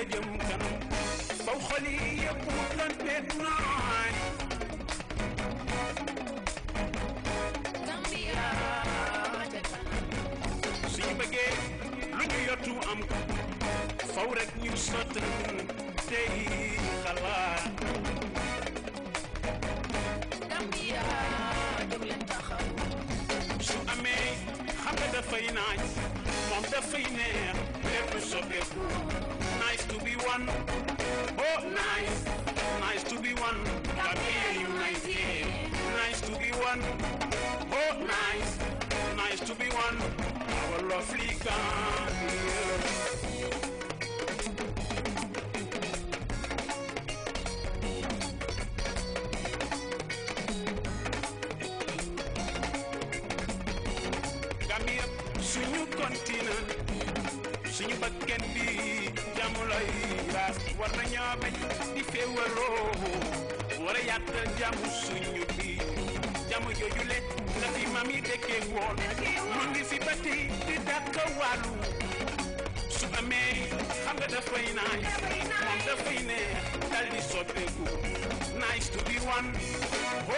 ya jëm kanam baw xol yi yëpp tanteeg naan Gambia ca kanam suñu bëggee lu ñu yottu am ko faw rek ñu sottan tey xalaat Gambia jóg leen taxaw su amee xam nga dafay naaj moom dafay neex lépp soppeeku one. Oh, nice, nice to be one. Come here, you nice here. Nice to be one. Oh, nice, nice to be one. Our lovely country. Suñu continent suñu bakken bi jaamu lay laas war nañoo bañ di féewaloo war a yaatal jaamu suñu bi jaamu jooju le la fi maam yi dëkkee woon mu ngi fi ba di dàkk wàllu su amee xam nga dafay naaj moom dafay neex dal di soppeeku nice to be one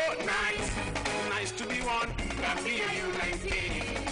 oh nice nice to be one Gambia united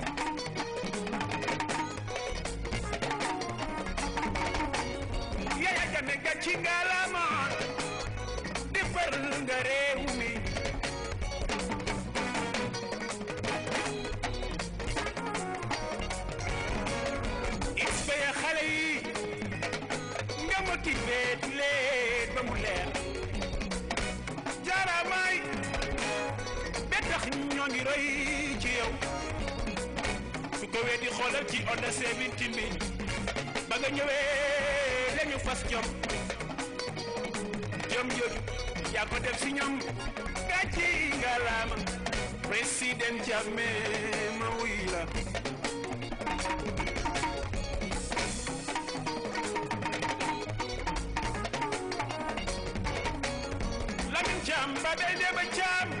ñëwee di xoolal ci onda sevinti bi ba nga ñëwee lañu fas jom jom jooju yaa ko def si ñoom gàcci nga président Jammé ma wuy la Lamine Thiam ba day dee ba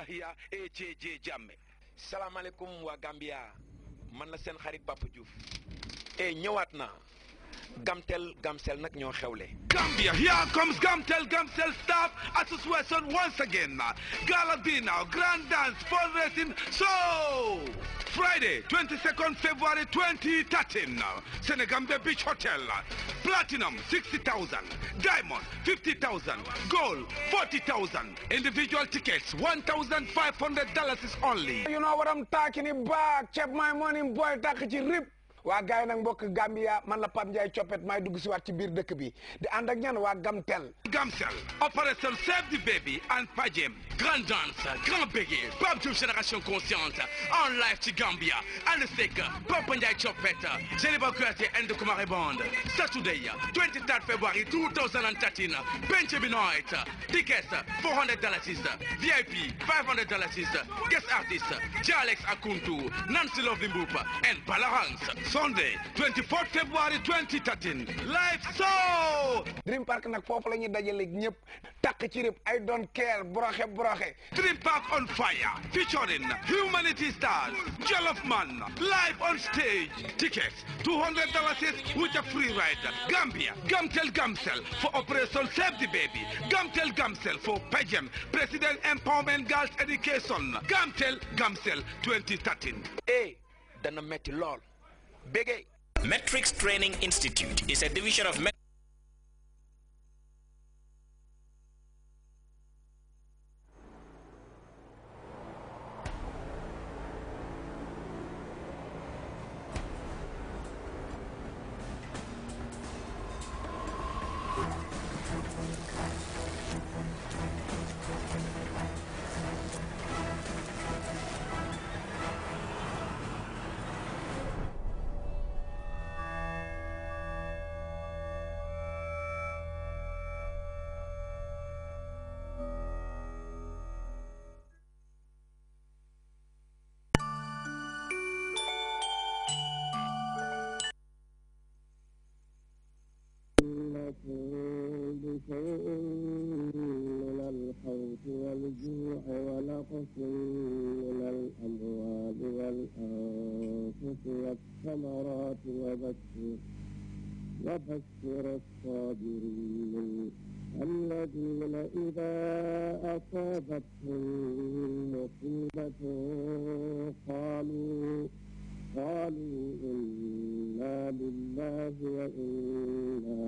Yahya AJJ e Jammeh. salaamaaleykum waa Gambia man la seen xarit Papa Diouf. e ñëwaat naa. Gamtel Gamcel nag ñoo xewle. Gambia here comes Gamtel Gamcel staff association once again gala dinner grand dance racing. so Friday 22nd February 2013 Senegambia Beach Hotel platinum 60,000 diamond 50,000 gold 40,000 individual tickets $1,500 is only. You know what I'm talking about Check my money boy tak ci rip. waa gars yi nag mbokk Gambia man la Pape Ndiaye coppet maay dugg si waat ci biir dëkk bi di ànd ak ñan waa Gamtel. Gamtel opération save the baby and pajem grand danse grand bégué Pape Diouf génération consciente en live ci Gambia ànd seeg Pape Ndiaye coppet Jeliba Kuyate and Kumare Band Saturday 23 February 2013 Penche bi night tickets guest artist J Alex Akuntu Nancy Lovely Mbup and Balarance Sunday 24 February 2013 live show. Dream Park Nak foofu la ñuy dajaleeg ñëpp ci I don't care broxe broxe. Dream Park on fire featuring humanity stars Jollof Man live on stage tickets 200 dollars with a free ride Gambia Gamtel Gamsel for Operation Save the Baby Gamtel Gamsel for PEGEM President Empowerment Girls Education Gamtel Gamsel 2013. Hey, eh, dana metti lool. Biggie. Metrics Training Institute is a division of. Met- أنفس من الأموال والأنفس والثمرات وبشر وبشر الصابرين الذين إذا أصابتهم مصيبة قالوا قالوا إنا لله وإنا